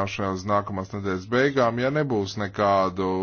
ašanas nākamās nedēļas beigām, ja nebūs nekādu